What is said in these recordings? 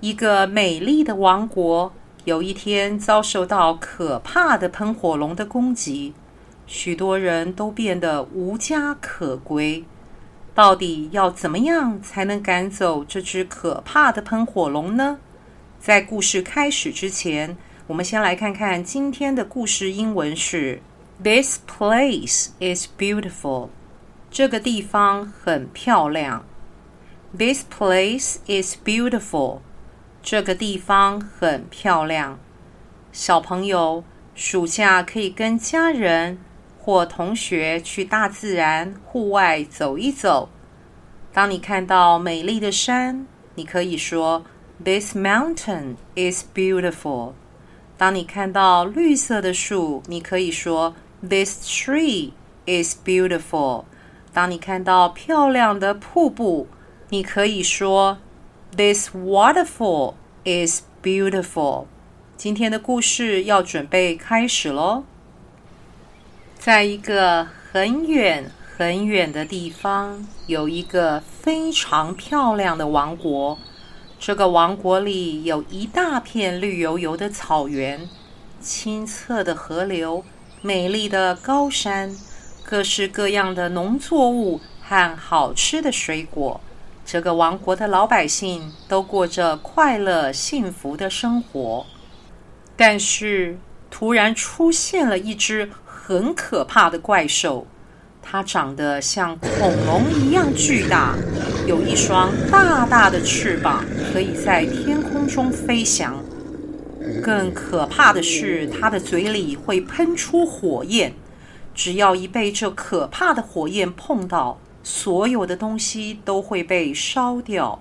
一個美麗的王國，有一天遭受到可怕的噴火龍的攻擊，許多人都變得無家可歸。到底要怎麼樣才能趕走這隻可怕的噴火龍呢？在故事開始之前，我們先來看看今天的故事。英文是：“This place is beautiful.” 這個地方很漂亮。This place is beautiful. 這個地方很漂亮，小朋友，暑假可以跟家人或同學去大自然戶外走一走。當你看到美麗的山，你可以說：“This mountain is beautiful。”當你看到綠色的樹，你可以說：“This tree is beautiful。”當你看到漂亮的瀑布，你可以說：This waterfall is beautiful. 今天的故事要準備開始嘍。在一個很遠很遠的地方，有一個非常漂亮的王國。這個王國裡有一大片綠油油的草原、清澈的河流、美麗的高山、各式各樣的農作物和好吃的水果。這個王國的老百姓都過着快樂幸福的生活，但是突然出現了一隻很可怕的怪獸，它長得像恐龍一樣巨大，有一雙大大的翅膀，可以在天空中飛翔。更可怕的是，它的嘴裡會噴出火焰，只要一被這可怕的火焰碰到，所有的東西都會被燒掉。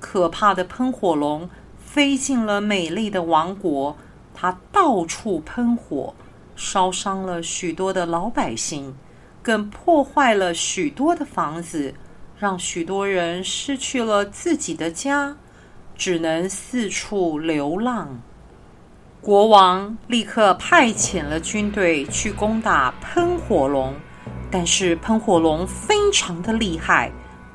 可怕的噴火龍飛進了美麗的王國，它到處噴火，燒傷了許多的老百姓，更破壞了許多的房子，讓許多人失去了自己的家，只能四處流浪。國王立刻派遣了軍隊去攻打噴火龍。但是噴火龍非常的厲害，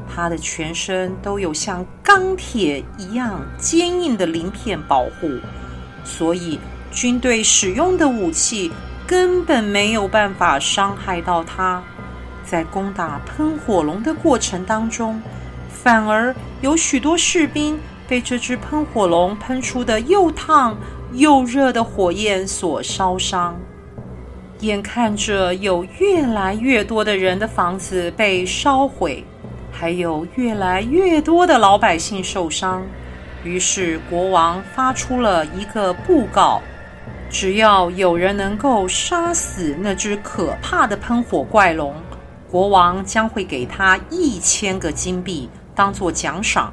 它的全身都有像鋼鐵一樣堅硬的鱗片保護，所以軍隊使用的武器根本沒有辦法傷害到它。在攻打噴火龍的過程當中，反而有許多士兵被這隻噴火龍噴出的又燙又熱的火焰所燒傷。眼看着有越來越多的人的房子被燒毀，還有越來越多的老百姓受傷，於是國王發出了一個布告：只要有人能夠殺死那隻可怕的噴火怪龍，國王將會給他一千個金幣當做獎賞。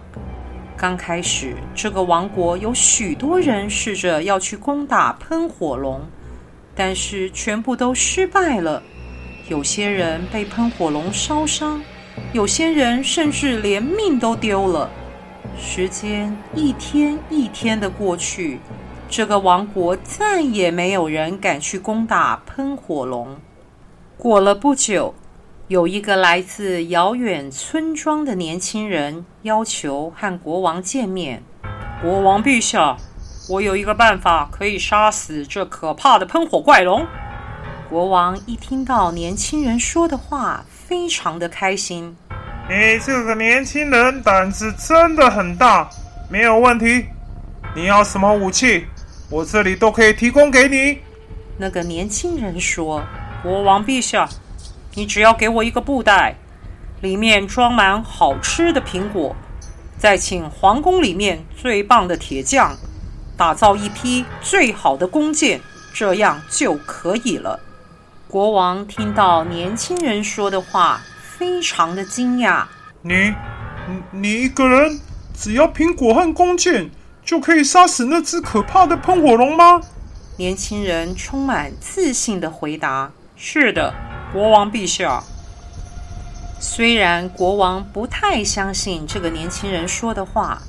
剛開始，這個王國有許多人試着要去攻打噴火龍。但是全部都失敗了，有些人被噴火龍燒傷，有些人甚至連命都丟了。時間一天一天的過去，這個王國再也沒有人敢去攻打噴火龍。過了不久，有一個來自遙遠村莊的年輕人要求和國王見面。國王陛下。我有一個辦法可以殺死這可怕的噴火怪龍。國王一聽到年輕人說的話，非常的開心。你這個年輕人膽子真的很大，沒有問題。你要什麼武器，我這裡都可以提供給你。那個年輕人說：“國王陛下，你只要給我一個布袋，裡面裝滿好吃的蘋果，再請皇宮裡面最棒的鐵匠。”打造一批最好的弓箭，這樣就可以了。國王聽到年輕人說的話，非常的驚訝：“你，你，你一個人，只要蘋果和弓箭，就可以殺死那隻可怕的噴火龍嗎？”年輕人充滿自信的回答：“是的，國王陛下。”雖然國王不太相信這個年輕人說的話。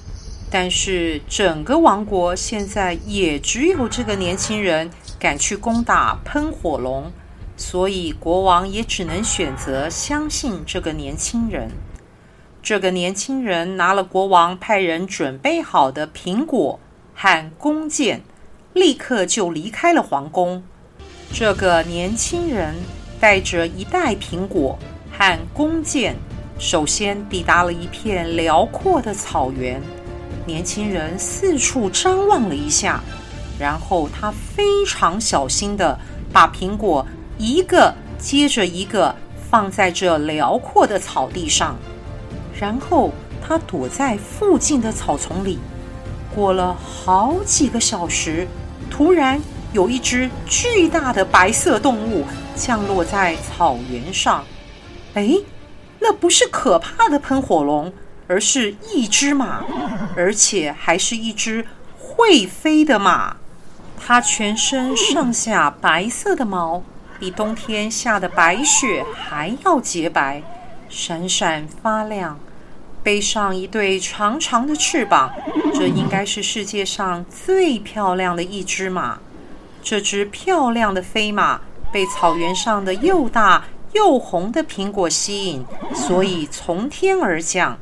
但是整個王國現在也只有這個年輕人敢去攻打噴火龍，所以國王也只能選擇相信這個年輕人。這個年輕人拿了國王派人準備好的蘋果和弓箭，立刻就離開了皇宮。這個年輕人帶着一袋蘋果和弓箭，首先抵達了一片遼闊的草原。年輕人四處張望了一下，然後他非常小心的把蘋果一個接着一個放在這遼闊的草地上，然後他躲在附近的草叢裡。過了好幾個小時，突然有一隻巨大的白色動物降落在草原上。哎，那不是可怕的噴火龍，而是一隻馬，而且還是一隻會飛的馬。它全身上下白色的毛，比冬天下的白雪還要潔白，閃閃發亮。背上一對長長的翅膀，這應該是世界上最漂亮的一隻馬。這隻漂亮的飛馬被草原上的又大又紅的蘋果吸引，所以從天而降。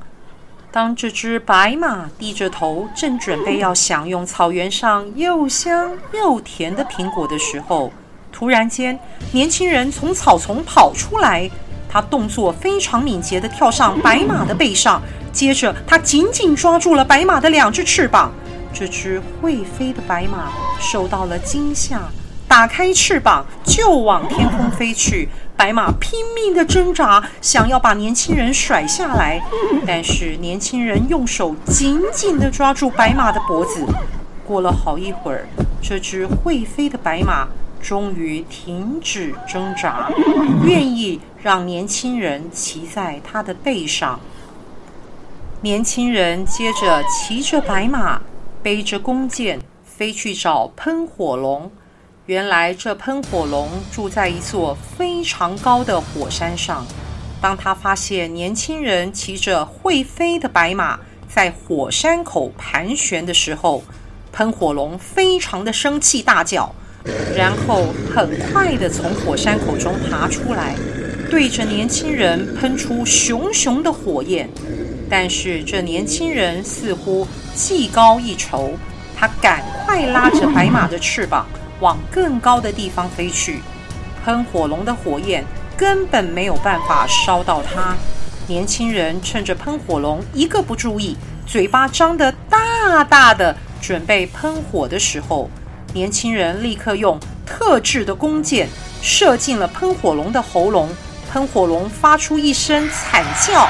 當這隻白馬低着頭，正準備要享用草原上又香又甜的蘋果的時候，突然間，年輕人從草叢跑出來，他動作非常敏捷地跳上白馬的背上，接着他緊緊抓住了白馬的兩隻翅膀。這隻會飛的白馬受到了驚嚇。打開翅膀就往天空飛去，白馬拼命的掙扎，想要把年輕人甩下來，但是年輕人用手緊緊的抓住白馬的脖子。過了好一會兒，這只會飛的白馬終於停止掙扎，願意讓年輕人騎在他的背上。年輕人接着騎着白馬，背着弓箭，飛去找噴火龍。原來這噴火龍住在一座非常高的火山上。當他發現年輕人騎着會飛的白馬在火山口盤旋的時候，噴火龍非常的生氣，大叫，然後很快地從火山口中爬出來，對着年輕人噴出熊熊的火焰。但是這年輕人似乎技高一籌，他趕快拉着白馬的翅膀。往更高的地方飛去，噴火龍的火焰根本沒有辦法燒到它。年輕人趁着噴火龍一個不注意，嘴巴張得大大的，準備噴火的時候，年輕人立刻用特制的弓箭射進了噴火龍的喉嚨。噴火龍發出一聲慘叫，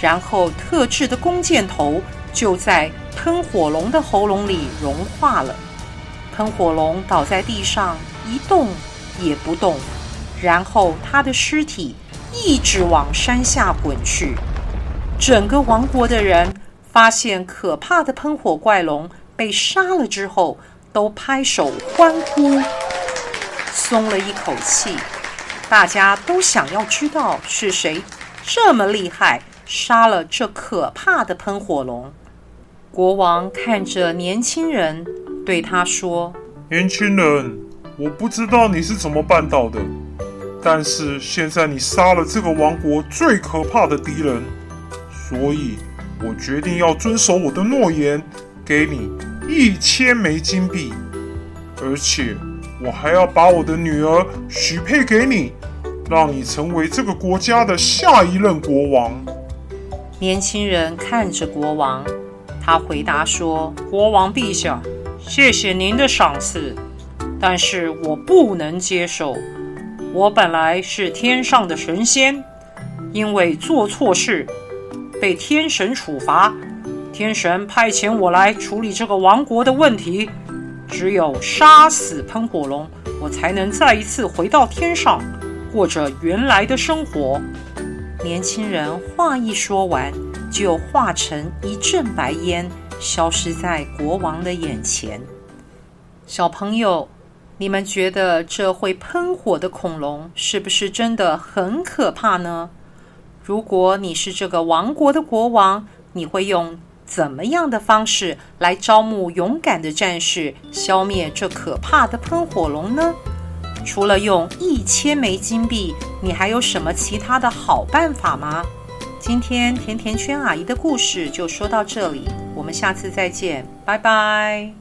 然後特制的弓箭頭就在噴火龍的喉嚨裡融化了。噴火龍倒在地上，一動也不動，然後他的屍體一直往山下滾去。整個王國的人發現可怕的噴火怪龍被殺了之後，都拍手歡呼，鬆了一口氣。大家都想要知道是誰這麼厲害，殺了這可怕的噴火龍。國王看着年輕人。對他說：“年輕人，我不知道你是怎麼辦到的，但是現在你殺了這個王國最可怕的敵人，所以我決定要遵守我的諾言，給你一千枚金幣，而且我還要把我的女兒許配給你，讓你成為這個國家的下一任國王。”年輕人看着國王，他回答說：“國王陛下，”謝謝您的賞賜，但是我不能接受。我本來是天上的神仙，因為做錯事被天神處罰，天神派遣我來處理這個王國的問題。只有殺死噴火龍，我才能再一次回到天上，過着原來的生活。年輕人話一說完，就化成一陣白煙。消失在國王的眼前。小朋友，你們覺得這會噴火的恐龍是不是真的很可怕呢？如果你是這個王國的國王，你會用怎麼樣的方式來招募勇敢的戰士，消滅這可怕的噴火龍呢？除了用一千枚金幣，你還有什麼其他的好辦法嗎？今天甜甜圈阿姨的故事就說到這裡，我們下次再見，拜拜。